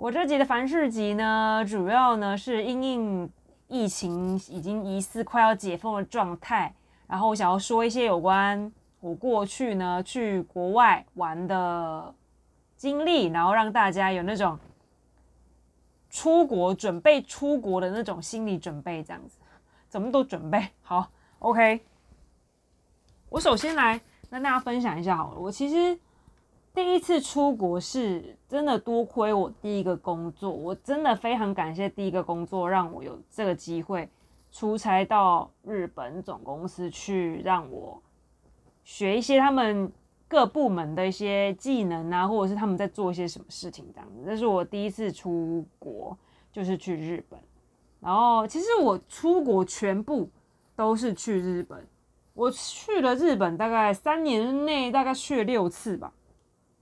我這集的有事集呢，主要呢是因應疫情已經疑似快要解封的狀態，然後我想要說一些有關我過去呢去國外玩的經歷，然後讓大家有那種出國、準備出國的那種心理準備，這樣子，怎麼都準備好。OK，我首先來跟大家分享一下好了，我其實。第一次出國是真的多虧我第一個工作，我真的非常感謝第一個工作讓我有這個機會出差到日本總公司去，讓我學一些他們各部門的一些技能啊，或者是他們在做一些什麼事情這樣子。這是我第一次出國，就是去日本。然後其實我出國全部都是去日本，我去了日本大概三年內大概去了六次吧。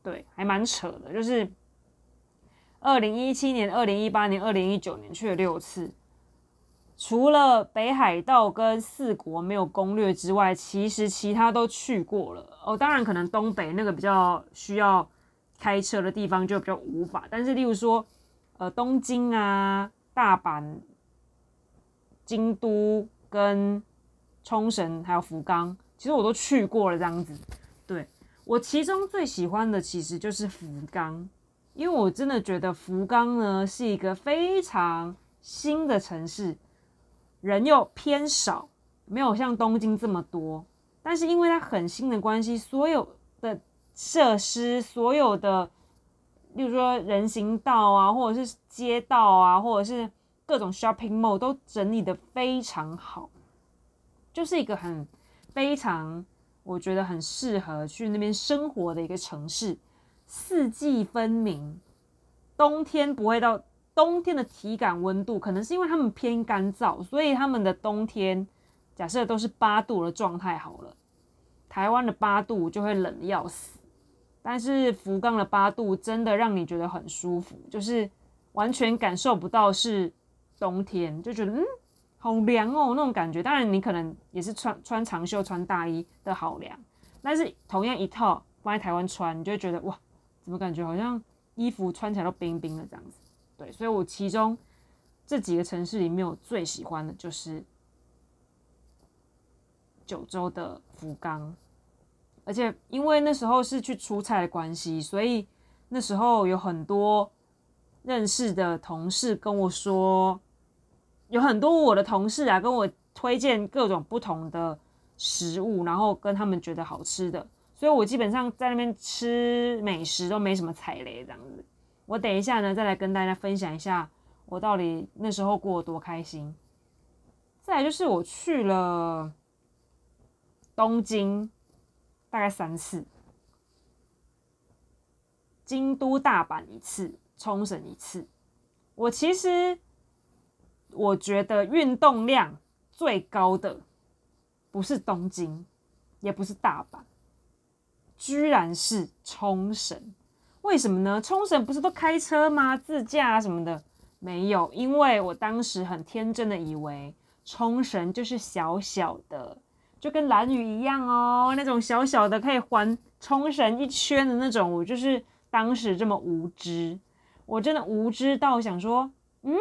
對，還蠻扯的，就是二零一七年、二零一八年、二零一九年去了六次，除了北海道跟四國沒有攻略之外，其實其他都去過了。哦，當然可能東北那個比較需要開車的地方就比較無法，但是例如說呃東京啊、大阪、京都跟沖繩還有福岡，其實我都去過了這樣子。我其中最喜歡的其實就是福岡，因為我真的覺得福岡呢是一個非常新的城市，人又偏少，沒有像東京這麼多。但是因為它很新的關係，所有的設施，所有的，例如說人行道啊，或者是街道啊，或者是各種 shopping mall 都整理得非常好，就是一個很非常。我覺得很適合去那邊生活的一個城市，四季分明，冬天不會到冬天的體感溫度，可能是因為他們偏乾燥，所以他們的冬天假設都是八度的狀態好了，台灣的八度就會冷得要死，但是福岡的八度真的讓你覺得很舒服，就是完全感受不到是冬天，就覺得嗯。好涼哦，那種感覺。當然，你可能也是穿穿長袖、穿大衣的好涼。但是同樣一套放在台灣穿，你就會覺得哇，怎麼感覺好像衣服穿起來都冰冰的這樣子。對，所以我其中這幾個城市裡面，我最喜歡的就是九州的福岡。而且因為那時候是去出差的關係，所以那時候有很多認識的同事跟我說。有很多我的同事啊，跟我推薦各種不同的食物，然後跟他們覺得好吃的，所以我基本上在那邊吃美食都沒什麼踩雷這樣子。我等一下呢，再來跟大家分享一下我到底那時候過得多開心。再來就是我去了東京大概三次，京都、大阪一次，沖繩一次。我其實。我覺得運動量最高的不是東京，也不是大阪，居然是沖繩。為什麼呢？沖繩不是都開車嗎？自駕什麼的沒有，因為我當時很天真的以為沖繩就是小小的，就跟蘭嶼一樣哦，那種小小的可以環沖繩一圈的那種。我就是當時這麼無知，我真的無知到想說，嗯。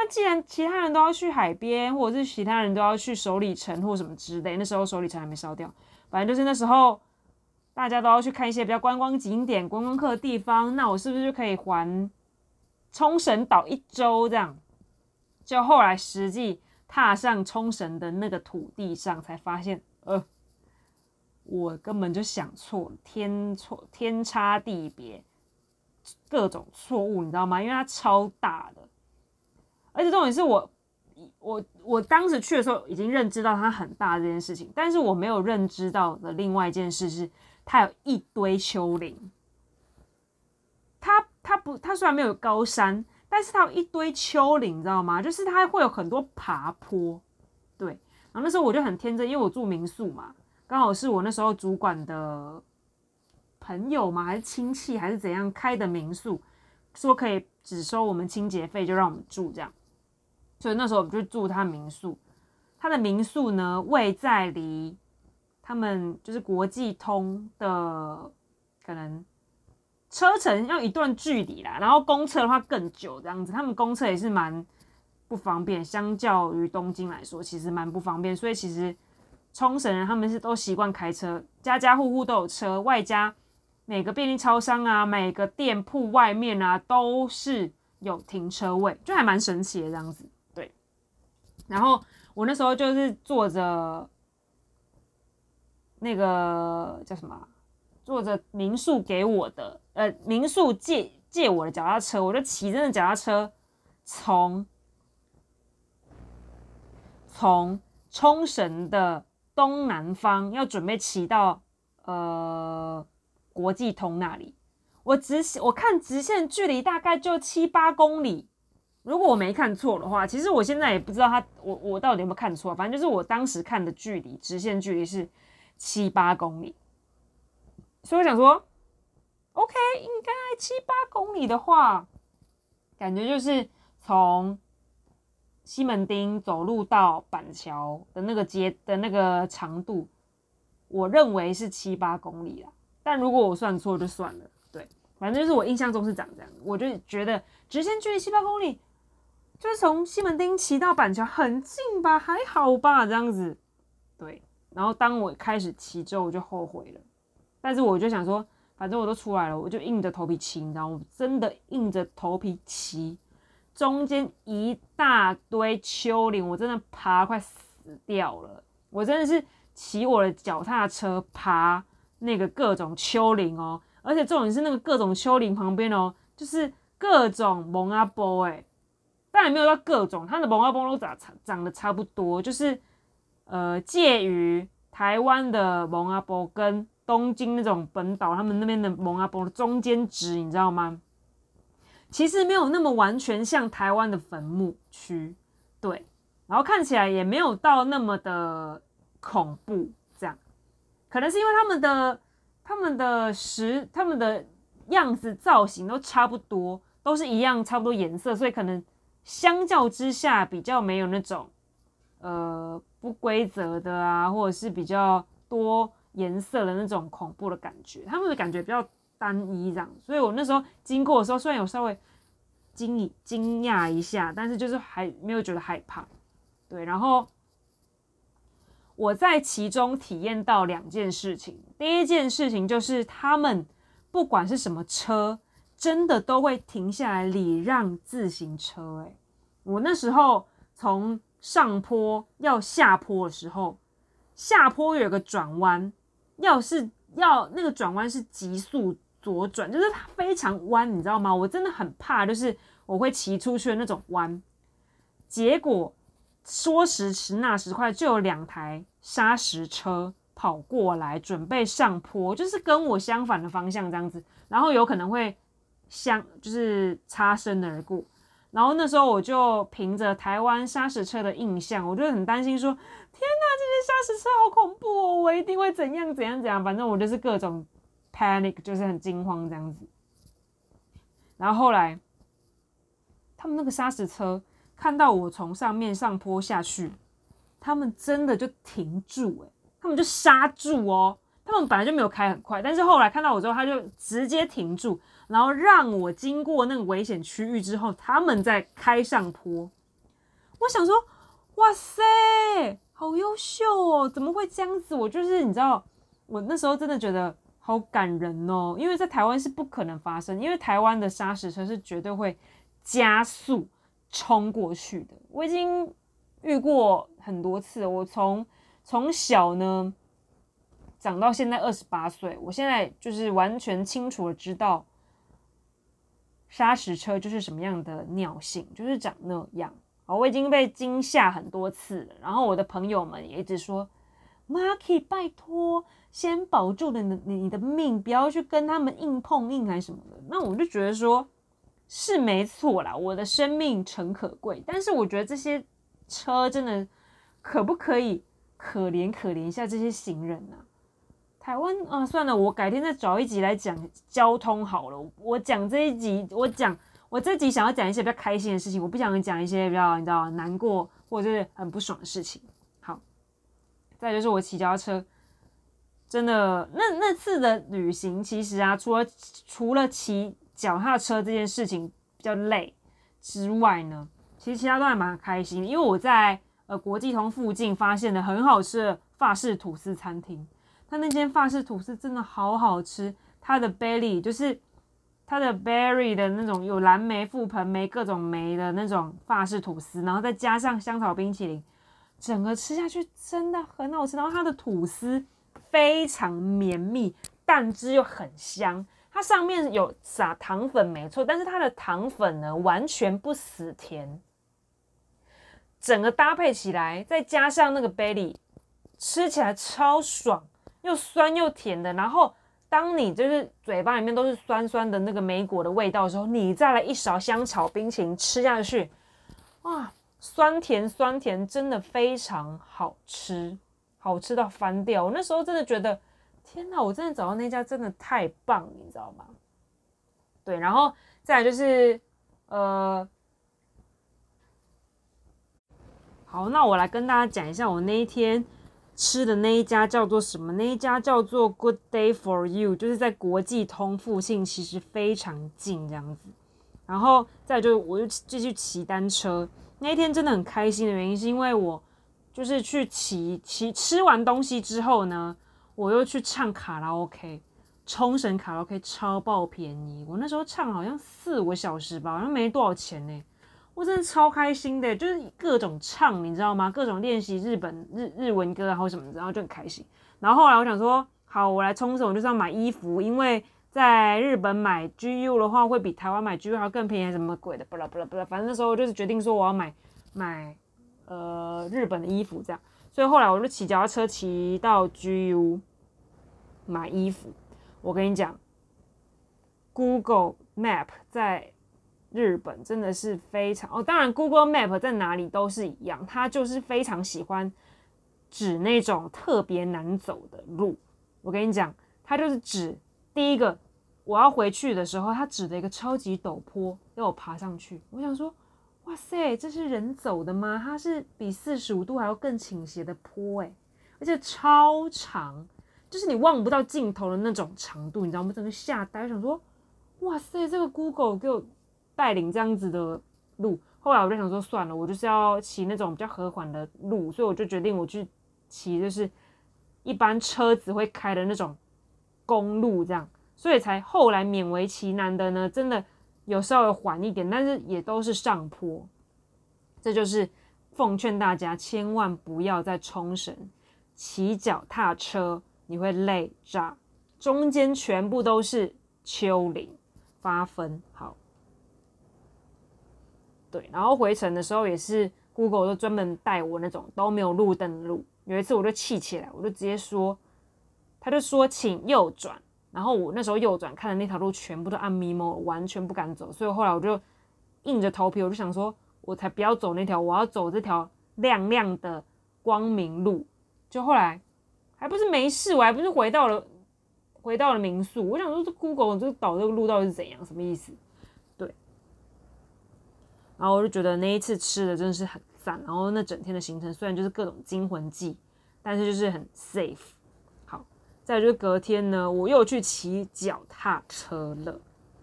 那既然其他人都要去海邊，或者是其他人都要去首里城或什麼之類，那時候首里城還沒燒掉，反正就是那時候大家都要去看一些比較觀光景點、觀光客的地方。那我是不是就可以環沖繩島一周？這樣。就後來實際踏上沖繩的那個土地上，才發現，呃，我根本就想錯了，天錯天差地別，各種錯誤，你知道嗎？因為它超大的。而且重點是我，我我當時去的時候已經認知到它很大的這件事情，但是我沒有認知到的另外一件事是，它有一堆丘陵。它它不，它雖然沒有高山，但是它有一堆丘陵，你知道嗎？就是它會有很多爬坡。對，然後那時候我就很天真，因為我住民宿嘛，剛好是我那時候主管的朋友嘛，還是親戚還是怎樣開的民宿，說可以只收我們清潔費，就讓我們住這樣。所以那時候我們就住他民宿，他的民宿呢，位在離他們就是國際通的可能車程要一段距離啦，然後公車的話更久這樣子，他們公車也是蠻不方便，相較於東京來說，其實蠻不方便。所以其實沖繩人他們是都習慣開車，家家戶戶都有車，外加每個便利超商啊，每個店鋪外面啊都是有停車位，就還蠻神奇的這樣子。然後我那時候就是坐着那個叫什麼，坐着民宿給我的，呃，民宿借借我的腳踏車，我就騎着那腳踏車從，從從沖繩的東南方要準備騎到呃國際通那裡，我直我看直線距離大概就七八公里。如果我沒看錯的話，其實我現在也不知道他我我到底有沒有看錯。反正就是我當時看的距離，直線距離是七八公里，所以我想說，OK，應該七八公里的話，感覺就是從西門町走路到板橋的那個街的那個長度，我認為是七八公里啦。但如果我算錯就算了，對，反正就是我印象中是長這樣，我就覺得直線距離七八公里。就是從西門町騎到板橋很近吧，還好吧，這樣子。對，然後當我開始騎之後，我就後悔了。但是我就想說，反正我都出來了，我就硬着頭皮騎，你知道嗎？我真的硬着頭皮騎，中間一大堆丘陵，我真的爬快死掉了。我真的是騎我的腳踏車爬那個各種丘陵哦、喔，而且重點是那個各種丘陵旁邊哦、喔，就是各種蒙阿波哎。但也沒有到各種，它的蒙古包都長長得差不多，就是呃介於台灣的蒙古包跟東京那種本島他們那邊的蒙古包的中間值，你知道嗎？其實沒有那麼完全像台灣的墳墓區，對，然後看起來也沒有到那麼的恐怖，這樣，可能是因為他們的他們的石他們的樣子造型都差不多，都是一樣差不多顏色，所以可能。相較之下，比較沒有那種，呃，不規則的啊，或者是比較多顏色的那種恐怖的感覺。他們的感覺比較單一，這樣。所以我那時候經過的時候，雖然有稍微驚驚訝一下，但是就是還沒有覺得害怕。對，然後我在其中體驗到兩件事情。第一件事情就是他們不管是什麼車。真的都會停下來禮讓自行車。哎，我那時候從上坡要下坡的時候，下坡有一個轉彎，要是要那個轉彎是急速左轉，就是非常彎，你知道嗎？我真的很怕，就是我會騎出去的那種彎。結果說時遲那時快，就有兩台砂石車跑過來準備上坡，就是跟我相反的方向這樣子，然後有可能會。像就是擦身而過，然後那時候我就憑着台灣砂石車的印象，我就很擔心說：天吶、啊，這些砂石車好恐怖哦！我一定會怎樣怎樣怎樣，反正我就是各種 panic，就是很驚慌這樣子。然後後來，他們那個砂石車看到我從上面上坡下去，他們真的就停住、欸，他們就剎住哦、喔。他們本來就沒有開很快，但是後來看到我之後，他就直接停住。然後讓我經過那個危險區域之後，他們再開上坡。我想說，哇塞，好優秀哦！怎麼會這樣子？我就是你知道，我那時候真的覺得好感人哦，因為在台灣是不可能發生，因為台灣的砂石車是絕對會加速衝過去的。我已經遇過很多次了，我從從小呢長到現在二十八歲，我現在就是完全清楚的知道，砂石車就是什麼樣的尿性，就是長那樣。我已經被驚嚇很多次了。然後我的朋友們也一直說，Marky，拜託，先保住你的你的命，不要去跟他們硬碰硬還是什麼的。那我就覺得說，是沒錯啦，我的生命誠可貴。但是我覺得這些車真的，可不可以可憐可憐一下這些行人呢、啊？台灣啊，算了，我改天再找一集來講交通好了。我講這一集，我講我這集想要講一些比較開心的事情，我不想講一些比較你知道難過或者是很不爽的事情。好，再就是我騎腳踏車，真的那那次的旅行，其實啊，除了除了騎腳踏車這件事情比較累之外呢，其實其他都還蠻開心，因為我在呃國際通附近發現了很好吃的法式吐司餐廳。他那間法式吐司真的好好吃，它的 berry 就是它的 berry 的那種有藍莓、覆盆莓各種莓的那種法式吐司，然後再加上香草冰淇淋，整個吃下去真的很好吃。然後它的吐司非常綿密，蛋汁又很香，它上面有撒糖粉沒錯，但是它的糖粉呢完全不死甜，整個搭配起來，再加上那個 berry，吃起來超爽。又酸又甜的，然後當你就是嘴巴裡面都是酸酸的那個莓果的味道的時候，你再來一勺香草冰淇淋吃下去，哇，酸甜酸甜，真的非常好吃，好吃到翻掉。我那時候真的覺得，天哪，我真的找到那家真的太棒，你知道嗎？對，然後再來就是，呃，好，那我來跟大家講一下我那一天。吃的那一家叫做什麼？那一家叫做 Good Day for You，就是在國際通附近，其實非常近這樣子。然後再就我又繼續騎單車。那一天真的很開心的原因，是因為我就是去騎騎吃完東西之後呢，我又去唱卡拉 OK。沖繩卡拉 OK 超爆便宜，我那時候唱好像四五小時吧，好像沒多少錢呢、欸。我、喔、真的超開心的，就是各種唱，你知道嗎？各種練習日本日日文歌，然後什麼，然後就很開心。然後後來我想說，好，我來沖繩，我就是要買衣服，因為在日本買 GU 的話會比台灣買 GU 還要更便宜，還是什麼鬼的？巴拉巴拉巴拉。反正那時候就是決定說我要買買呃日本的衣服這樣。所以後來我就騎腳踏車騎到 GU 買衣服。我跟你講，Google Map 在。日本真的是非常哦，當然 Google Map 在哪裡都是一樣，它就是非常喜歡指那種特別難走的路。我跟你講，它就是指第一個我要回去的時候，它指的一個超級陡坡要我爬上去。我想說，哇塞，這是人走的嗎？它是比四十五度還要更傾斜的坡哎，欸，而且超長，就是你望不到盡頭的那種長度，你知道嗎？真的整個嚇呆，我想說，哇塞，這個 Google 給我帶領這樣子的路，後來我就想說算了，我就是要騎那種比較和緩的路，所以我就決定我去騎，就是一般車子會開的那種公路這樣，所以才後來勉為其難的呢，真的有稍微緩一點，但是也都是上坡。這就是奉勸大家千萬不要在沖繩騎腳踏車，你會累炸，中間全部都是丘陵，發瘋。好。對，然後回程的時候也是，Google 就專門帶我那種都沒有路燈的路。有一次我就氣起來，我就直接說，他就說請右轉。然後我那時候右轉看的那條路全部都暗迷蒙，完全不敢走。所以後來我就硬着頭皮，我就想說，我才不要走那條，我要走這條亮亮的光明路。就後來還不是沒事，我還不是回到了回到了民宿。我想說這 Google 這個導這個路到底是怎樣，什麼意思？然後我就覺得那一次吃的真的是很讚，然後那整天的行程雖然就是各種驚魂記，但是就是很 safe。好，再就是隔天呢，我又去騎腳踏車了。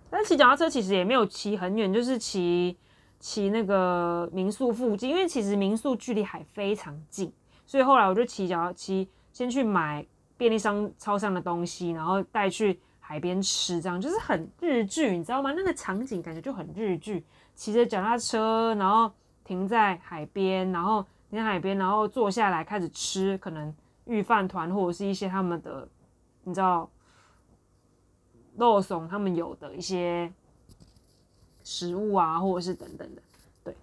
但騎腳踏車其實也沒有騎很遠，就是騎騎那個民宿附近，因為其實民宿距離還非常近，所以後來我就騎腳踏騎先去買便利商超商的東西，然後帶去。海邊吃這樣就是很日劇，你知道嗎？那個場景感覺就很日劇，騎着腳踏車，然後停在海邊，然後停在海邊，然後坐下來開始吃，可能御飯糰或者是一些他們的，你知道，肉鬆他們有的一些食物啊，或者是等等的，對。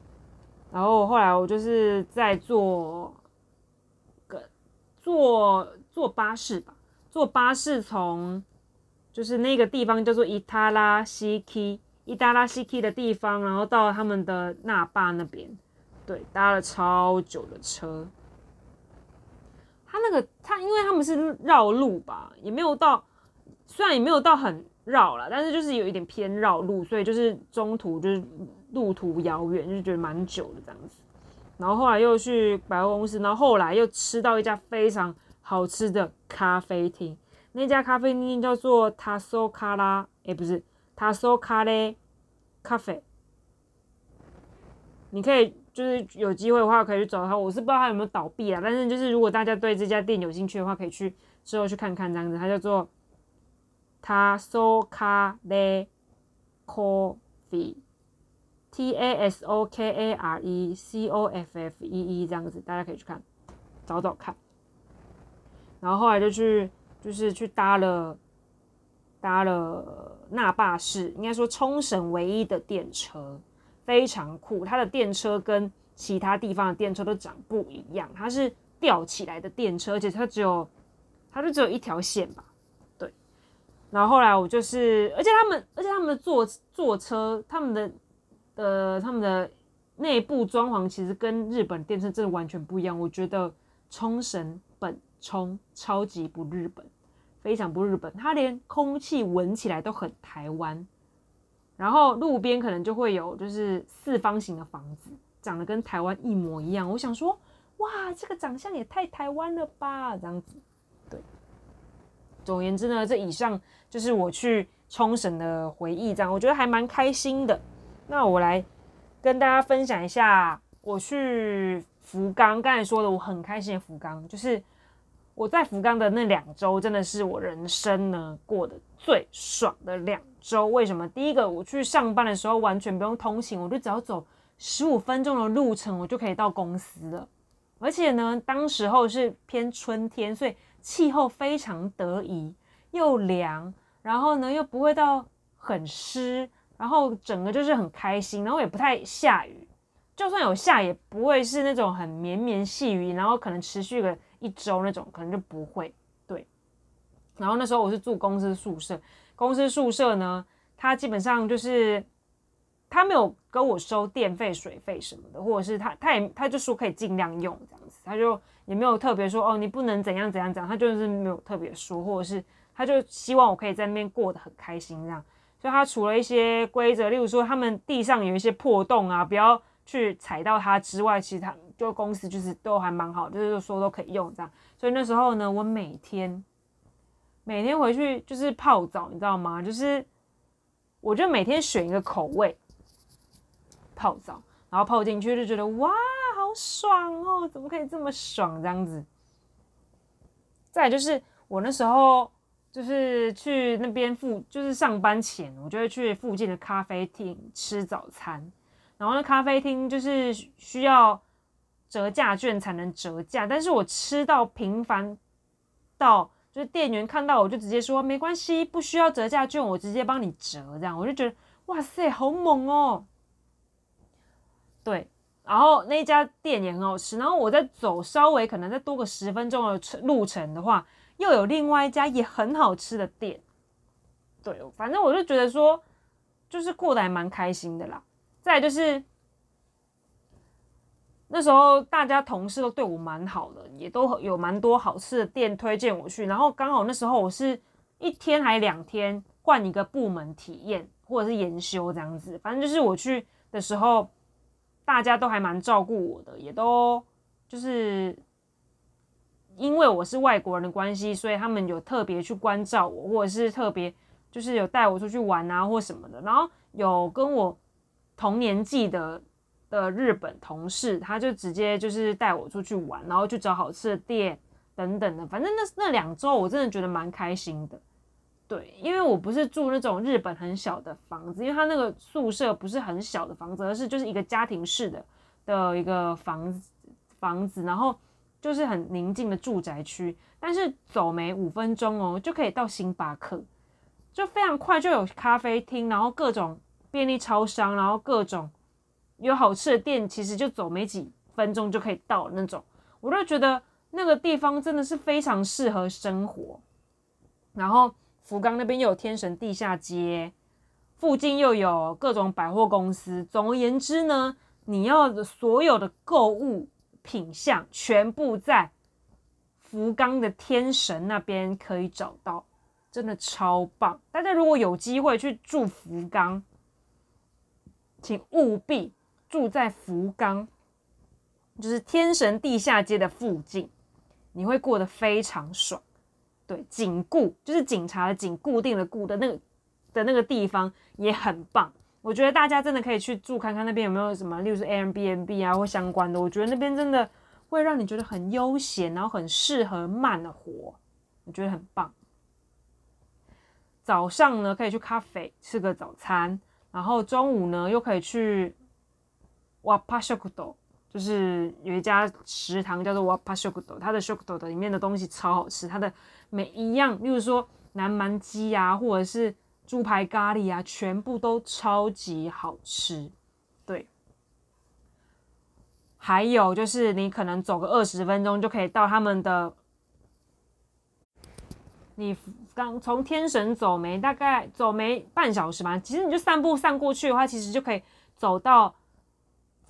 然後後來我就是在坐，坐坐巴士吧，坐巴士從。就是那個地方叫做伊塔拉西基，伊達拉西基的地方，然後到他們的那霸那邊，對，搭了超久的車。他那個他，因為他們是繞路吧，也沒有到，雖然也沒有到很繞啦，但是就是有一點偏繞路，所以就是中途就是路途遙遠，就是覺得蠻久的這樣子。然後後來又去百貨公司，然後後來又吃到一家非常好吃的咖啡廳。那家咖啡店叫做 Tasokara，哎，不是 Tasokare 咖啡。你可以就是有機會的話，可以去找他。我是不知道他有沒有倒閉啦，但是就是如果大家對這家店有興趣的話，可以去之後去看看這樣子。他叫做 Tasokare Coffee，T A S O K A R E C O F F E E 這樣子，大家可以去看找找看。然後後來就去。就是去搭了搭了那霸市，應該說沖繩唯一的電車，非常酷。它的電車跟其他地方的電車都長不一樣，它是吊起來的電車，而且它只有，它就只有一條線吧。對。然後後來我就是，而且他們，而且他們的坐坐車，他們的呃他們的內部裝潢其實跟日本電車真的完全不一樣。我覺得沖繩本。沖超級不日本，非常不日本，它連空氣聞起來都很台灣。然後路邊可能就會有就是四方形的房子，長得跟台灣一模一樣。我想說，哇，這個長相也太台灣了吧？這樣子，對。總而言之呢，這以上就是我去沖繩的回憶，這樣我覺得還蠻開心的。那我來跟大家分享一下我去福岡，剛才說的我很開心的福岡，就是。我在福岡的那兩周，真的是我人生呢過得最爽的兩周。為什麼？第一個，我去上班的時候完全不用通勤，我就只要走十五分鐘的路程，我就可以到公司了。而且呢，當時候是偏春天，所以氣候非常得宜，又涼，然後呢又不會到很濕，然後整個就是很開心，然後也不太下雨，就算有下，也不會是那種很綿綿細雨，然後可能持續個。一周那種可能就不會對，然後那時候我是住公司宿舍。公司宿舍呢，他基本上就是他沒有跟我收電費、水費什麼的，或者是他他也他就說可以儘量用這樣子，他就也沒有特別說哦，你不能怎樣怎樣怎樣，他就是沒有特別說，或者是他就希望我可以在那邊過得很開心這樣，所以他除了一些規則，例如說他們地上有一些破洞啊，不要去踩到它之外，其他。就公司就是都還蠻好，就是說都可以用這樣。所以那時候呢，我每天每天回去就是泡澡，你知道嗎？就是我就每天選一個口味泡澡，然後泡進去就覺得哇，好爽哦！怎麼可以這麼爽這樣子？再就是我那時候就是去那邊附，就是上班前，我就會去附近的咖啡廳吃早餐。然後那咖啡廳就是需要。折價券才能折價，但是我吃到頻繁到，就是店員看到我就直接說沒關係，不需要折價券，我直接幫你折，這樣我就覺得哇塞，好猛哦！對，然後那一家店也很好吃，然後我再走稍微可能再多個十分鐘的路程的話，又有另外一家也很好吃的店，對，反正我就覺得說，就是過得還蠻開心的啦。再就是。那時候大家同事都對我蠻好的，也都有蠻多好吃的店推薦我去。然後剛好那時候我是一天還兩天換一個部門體驗，或者是研修這樣子。反正就是我去的時候，大家都還蠻照顧我的，也都就是因為我是外國人的關係，所以他們有特別去關照我，或者是特別就是有帶我出去玩啊，或什麼的。然後有跟我同年紀的。的日本同事，他就直接就是帶我出去玩，然後去找好吃的店等等的。反正那那兩周我真的覺得蠻開心的，對，因為我不是住那種日本很小的房子，因為他那個宿舍不是很小的房子，而是就是一個家庭式的的一個房子房子，然後就是很寧靜的住宅區。但是走沒五分鐘哦，就可以到星巴克，就非常快就有咖啡廳，然後各種便利超商，然後各種。有好吃的店，其實就走沒幾分鐘就可以到那種，我都覺得那個地方真的是非常適合生活。然後福岡那邊又有天神地下街，附近又有各種百貨公司。總而言之呢，你要的所有的購物品項全部在福岡的天神那邊可以找到，真的超棒。大家如果有機會去住福岡，請務必。住在福岡，就是天神地下街的附近，你會過得非常爽。對，警固就是警察的警，固定的固的那個的那個地方也很棒。我覺得大家真的可以去住看看那邊有沒有什麼，例如是 Airbnb 啊，或相關的。我覺得那邊真的會讓你覺得很悠閒，然後很適合慢的活，我覺得很棒。早上呢，可以去咖啡吃個早餐，然後中午呢，又可以去。瓦帕修古豆，就是有一家食堂叫做 o k 修古豆，它的修古 o 的裡面的東西超好吃，它的每一樣，例如說南蠻雞啊，或者是豬排咖喱啊，全部都超級好吃。對，還有就是你可能走個二十分鐘就可以到他們的，你剛從天神走沒？大概走沒半小時吧。其實你就散步散過去的話，其實就可以走到。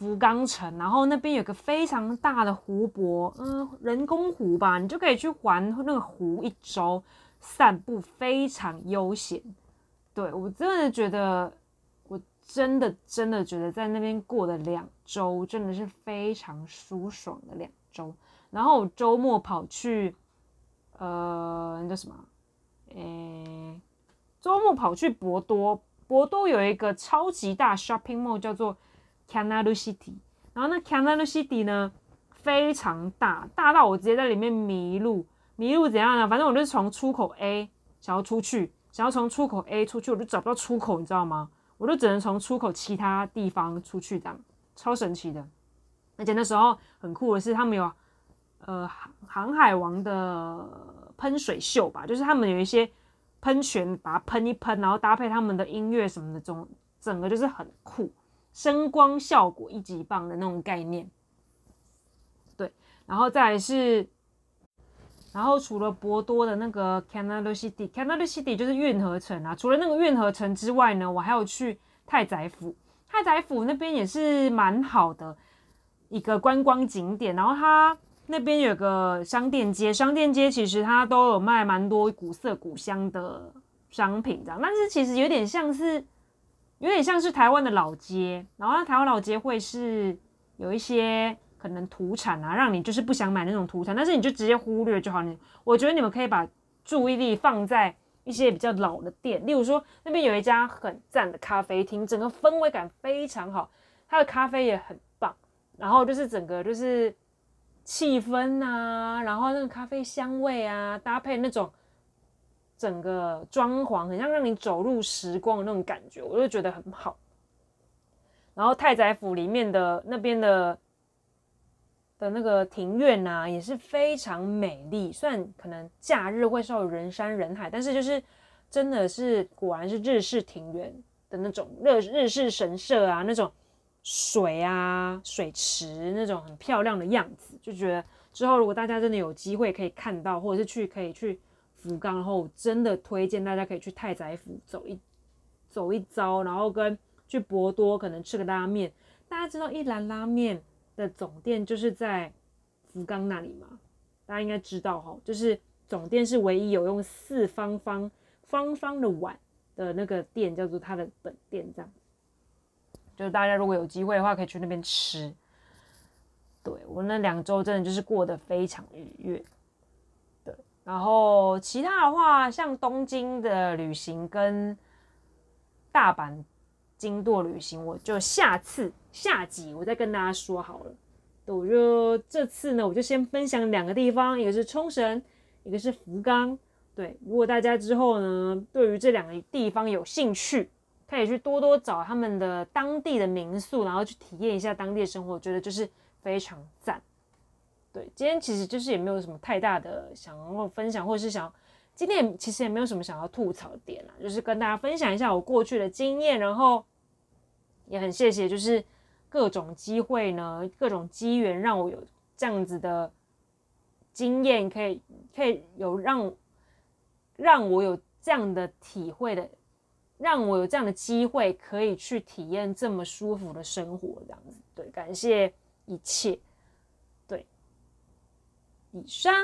福岡城，然後那邊有個非常大的湖泊，嗯，人工湖吧，你就可以去環那個湖一周散步，非常悠閒。對，我真的覺得，我真的真的覺得在那邊過的兩周真的是非常舒爽的兩周。然後我周末跑去，呃，那叫什麼？誒，周末跑去博多，博多有一個超級大 shopping mall，叫做 Canal City，然後那 Canal City 呢非常大，大到我直接在裡面迷路，迷路怎樣呢？反正我就是從出口 A 想要出去，想要從出口 A 出去，我就找不到出口，你知道嗎？我就只能從出口其他地方出去，這樣超神奇的。而且那時候很酷的是，他們有呃航海王的噴水秀吧，就是他們有一些噴泉把它噴一噴，然後搭配他們的音樂什麼的，總整個就是很酷。聲光效果一級棒的那種概念，對，然後再來是，然後除了博多的那個 Canal City，Canal City 就是運河城啊。除了那個運河城之外呢，我還有去太宰府，太宰府那邊也是蠻好的一個觀光景點。然後它那邊有個商店街，商店街其實它都有賣蠻多古色古香的商品這樣，但是其實有點像是。有點像是台灣的老街，然後台灣老街會是有一些可能土產啊，讓你就是不想買那種土產，但是你就直接忽略就好。你我覺得你們可以把注意力放在一些比較老的店，例如說那邊有一家很讚的咖啡廳，整個氛圍感非常好，它的咖啡也很棒，然後就是整個就是氣氛啊，然後那個咖啡香味啊，搭配那種。整個裝潢很像讓你走入時光的那種感覺，我就覺得很好。然後太宰府裡面的那邊的的那個庭院啊，也是非常美麗。雖然可能假日會稍有人山人海，但是就是真的是果然是日式庭院的那種日日式神社啊，那種水啊水池那種很漂亮的樣子，就覺得之後如果大家真的有機會可以看到，或者是去可以去。福岡，然後我真的推薦大家可以去太宰府走一走一遭，然後跟去博多可能吃個拉麵。大家知道一蘭拉麵的總店就是在福岡那裡嗎？大家應該知道哈，就是總店是唯一有用四方方方方的碗的那個店，叫做它的本店。這樣，就是大家如果有機會的話，可以去那邊吃。對，我那兩周真的就是過得非常愉悅。然後其他的話，像東京的旅行跟大阪、京都旅行，我就下次下集我再跟大家說好了。對，我就這次呢，我就先分享兩個地方，一個是沖繩，一個是福岡。對，如果大家之後呢，對於這兩個地方有興趣，可以去多多找他們的當地的民宿，然後去體驗一下當地的生活，我覺得就是非常讚。對，今天其實就是也沒有什麼太大的想要分享，或是想今天其實也沒有什麼想要吐槽點啦、啊，就是跟大家分享一下我過去的經驗，然後也很謝謝，就是各種機會呢，各種機緣讓我有這樣子的經驗，可以可以有讓讓我有這樣的體會的，讓我有這樣的機會可以去體驗這麼舒服的生活，這樣子，對，感謝一切。以上。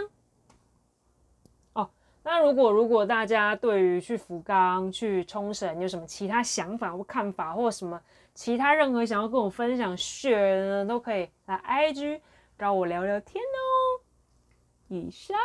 哦，那如果如果大家對於去福岡、去沖繩有什麼其他想法或看法，或什麼其他任何想要跟我分享血的，都可以來 IG 找我聊聊天哦。以上。